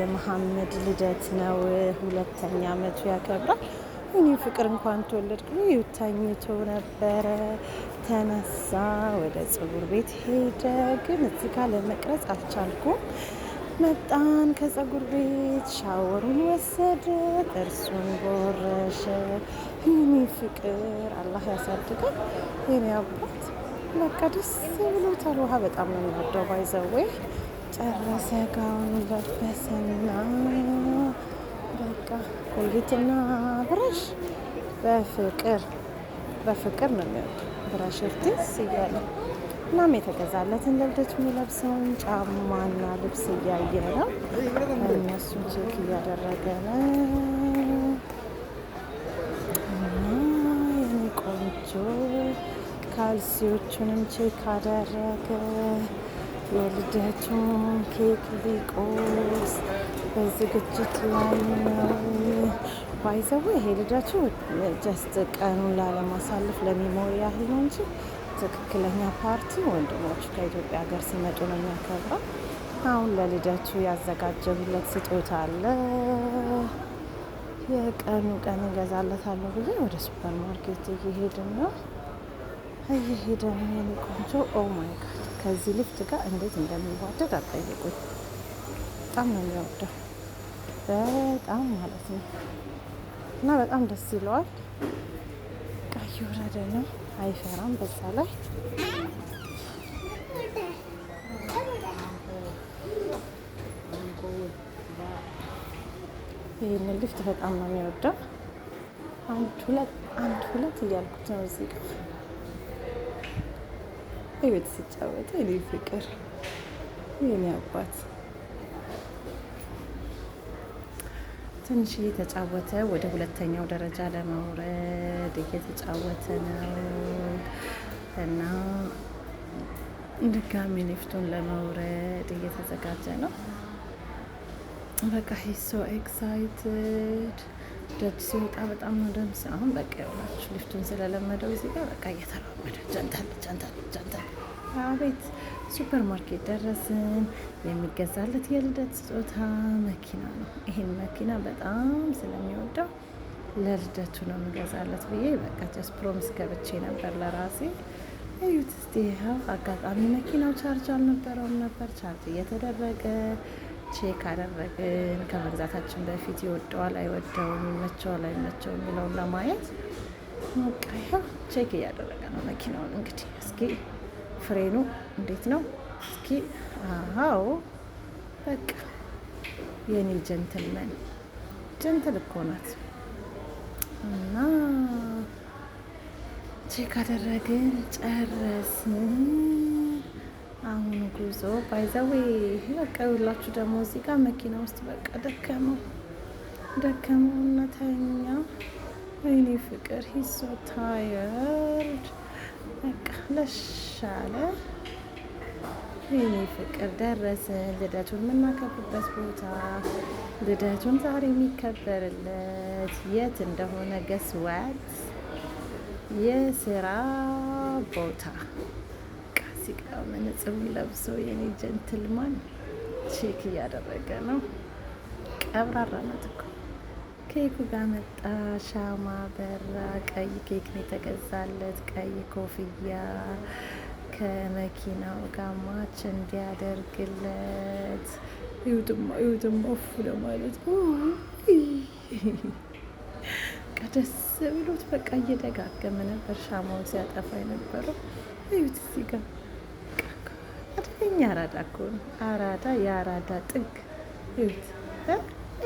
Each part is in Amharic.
የመሐመድ ልደት ነው። ሁለተኛ አመቱ ያከብራል። እኔ ፍቅር እንኳን ተወለድኩ ተኝቶ ነበረ። ተነሳ፣ ወደ ፀጉር ቤት ሄደ። ግን እዚህ ጋር ለመቅረጽ አልቻልኩም። መጣን ከጸጉር ቤት ሻወሩን ወሰደ፣ ጥርሱን ቦረሸ። ይህኔ ፍቅር አላህ ያሳድገን። የኔ አባት በቃ ደስ ብሎታል። ውሃ በጣም ነው የሚወደው ባይዘዌ ጨረሰ፣ ጋውን ለበሰና በቃ ኮልጌትና ብራሽ በፍቅር በፍቅር ነው የሚወዱ ብራሽ እርትስ እያለ እናም የተገዛለትን ለልደቱ የሚለብሰውን ጫማና ልብስ እያየ ነው። እነሱን ቼክ እያደረገ ነው። እና የኔ ቆንጆ ካልሲዎቹንም ቼክ አደረገ። የልዳቸው ኬክ ሊቆርስ በዝግጅት ላይ ነው። ባይዘው ይሄ ልዳቸው ጀስት ቀኑን ላለማሳለፍ ለሚሞሪ ያህል ነው እንጂ ትክክለኛ ፓርቲ ወንድሞች ከኢትዮጵያ ሀገር ሲመጡ ነው የሚያከብረው። አሁን ለልዳቸው ያዘጋጀሁለት ስጦታ አለ። የቀኑ ቀን እገዛለታለሁ ብዬ ወደ ሱፐር ማርኬት እየሄድን ነው እየሄደ ነው የኔ ቆንጆ ኦ ማይ ጋድ ከዚህ ልፍት ጋር እንዴት እንደሚዋደድ አጠይቁኝ። በጣም ነው የሚወደው በጣም ማለት ነው። እና በጣም ደስ ይለዋል። ቀይ ወረደ ነው አይፈራም። በዛ ላይ ይህን ልፍት በጣም ነው የሚወደው። አንድ ሁለት አንድ ሁለት እያልኩት ነው እዚህ ጋር ቤት ሲጫወት እኔ ፍቅር የኔ አባት ትንሽ እየተጫወተ ወደ ሁለተኛው ደረጃ ለመውረድ እየተጫወተ ነው እና ድጋሚ ሊፍቱን ለመውረድ እየተዘጋጀ ነው። በቃ ሂሶ ኤክሳይትድ ደጅ ሲወጣ በጣም ነው ደምስ። አሁን በቃ ይሆናችሁ ሊፍቱን ስለለመደው እዚህ ጋር በቃ እየተራመደ ጃንታል ጃንታል ጃንታል። አቤት ሱፐር ማርኬት ደረስን። የሚገዛለት የልደት ስጦታ መኪና ነው። ይህን መኪና በጣም ስለሚወደው ለልደቱ ነው የሚገዛለት ብዬ በቃ ጀስት ፕሮሚስ ገብቼ ነበር ለራሴ። እዩት እስቲ ይኸው አጋጣሚ መኪናው ቻርጅ አልነበረውም ነበር ቻርጅ እየተደረገ ቼክ አደረግን። ከመግዛታችን በፊት ይወደዋል አይወደውም፣ ይመቸዋል አይመቸውም የሚለውን ለማየት ሞቃያ ቼክ እያደረገ ነው መኪናውን። እንግዲህ እስኪ ፍሬኑ እንዴት ነው? እስኪ አዎ፣ በቃ የኔ ጀንትልመን ጀንትል እኮ ናት። እና ቼክ አደረግን ጨረስን። አሁን ጉዞ ባይዘዌ በቃ ይውላችሁ ደግሞ እዚህ ጋር መኪና ውስጥ በቃ ደከመው ደከመው እና ተኛ። ወይኔ ፍቅር ሂሶ ታየርድ በቃ ለሻለ ወይኔ ፍቅር ደረስን። ልደቱን የምናከብበት ቦታ ልደቱን ዛሬ የሚከበርለት የት እንደሆነ ገስዋት የስራ ቦታ እዚህ ጋር መነጽሩን ለብሶ የኔ ጀንትልማን ቼክ እያደረገ ነው። ቀብራራ ናት እኮ። ኬኩ ጋር መጣ። ሻማ በራ። ቀይ ኬክ ነው የተገዛለት። ቀይ ኮፍያ ከመኪናው ጋር ማች እንዲያደርግለት ይሁትማ ይሁትማ እፉ ለማለት ቀደስ ብሎት በቃ እየደጋገመ ነበር ሻማውን ሲያጠፋ የነበረው። እዩት እዚህ ጋር አደገኛ አራዳ እኮ ነው። አራዳ የአራዳ ጥግ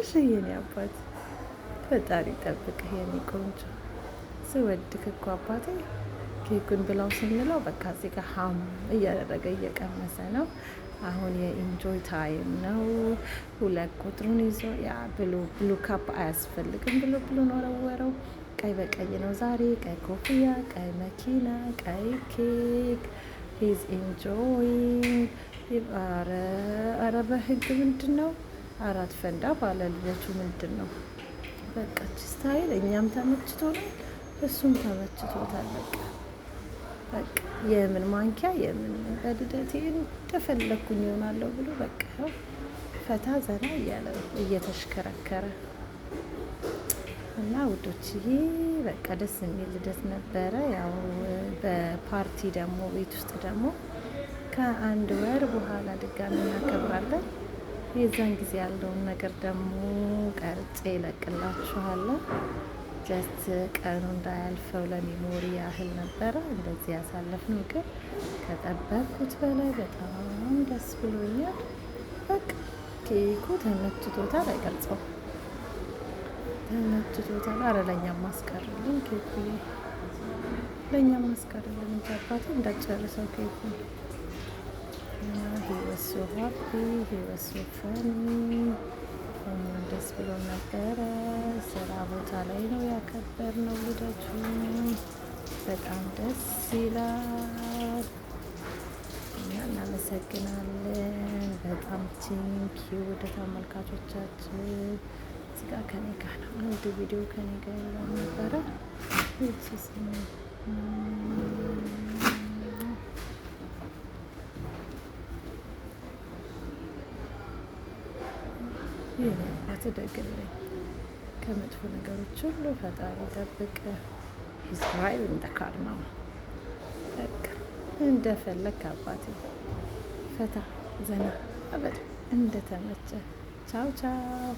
እሺ። የኔ አባት ፈጣሪ ጠብቅህ የኔ ቆንጆ። ስወድክ እኮ አባቴ ኬኩን ብለው ስንለው በቃ እዚህ ጋር ሀም እያደረገ እየቀመሰ ነው። አሁን የኢንጆይ ታይም ነው። ሁለት ቁጥሩን ይዞ ያ ብሉ ብሉ ካፕ አያስፈልግም ብሎ ብሎ ወረወረው። ቀይ በቀይ ነው ዛሬ። ቀይ ኮፍያ፣ ቀይ መኪና፣ ቀይ ኬክ ሂዝ ኢንጆይንግ ኧረ ኧረ በህግ ምንድን ነው አራት ፈንዳ ባለ ልጆቹ ምንድን ነው በቃች ስታይል እኛም ተመችቶናል፣ እሱም ተመችቶታል። በቃ በቃ የምን ማንኪያ የምን በልደቴ እንደፈለግኩኝ ይሆናለሁ ብሎ በቃ ፈታ ዘና እያለ እየተሽከረከረ እና ይሄ በቃ ደስ የሚል ልደት ነበረ። ያው በፓርቲ ደግሞ ቤት ውስጥ ደግሞ ከአንድ ወር በኋላ ድጋሚ እናከብራለን። የዛን ጊዜ ያለውን ነገር ደግሞ ቀርጬ ይለቅላችኋለሁ። ጀስት ቀኑ እንዳያልፈው ለሚሞሪ ያህል ነበረ እንደዚህ ያሳለፍነው፣ ግን ከጠበቅኩት በላይ በጣም ደስ ብሎኛል። በቃ ኬኩ ተመችቶታል አይገልጸው መችቶታል። አረ ለእኛም ማስቀርልን ኬኩ ለእኛም ማስቀርልን እንጂ አባቴ እንዳጨርሰው ኬኩ ሂወሶ ሀፒ ሂወሶ ፈኒ እኛም ደስ ብሎ ነበረ። ስራ ቦታ ላይ ነው ያከበርነው ልደቱ። በጣም ደስ ይላል። እና እናመሰግናለን በጣም ቲንኪ ወደ ተመልካቾቻችን እዚህ ጋር ከኔ ጋር ነው አንድ ቪዲዮ ከኔ ጋር ያለው ነበረ አትደግልኝ ከመጥፎ ነገሮች ሁሉ ፈጣሪ ጠብቀ ኢዝራኤል እንደካል ነው እንደፈለግ አባቴ ፈታ ዘና አበል እንደተመቸ ቻው ቻው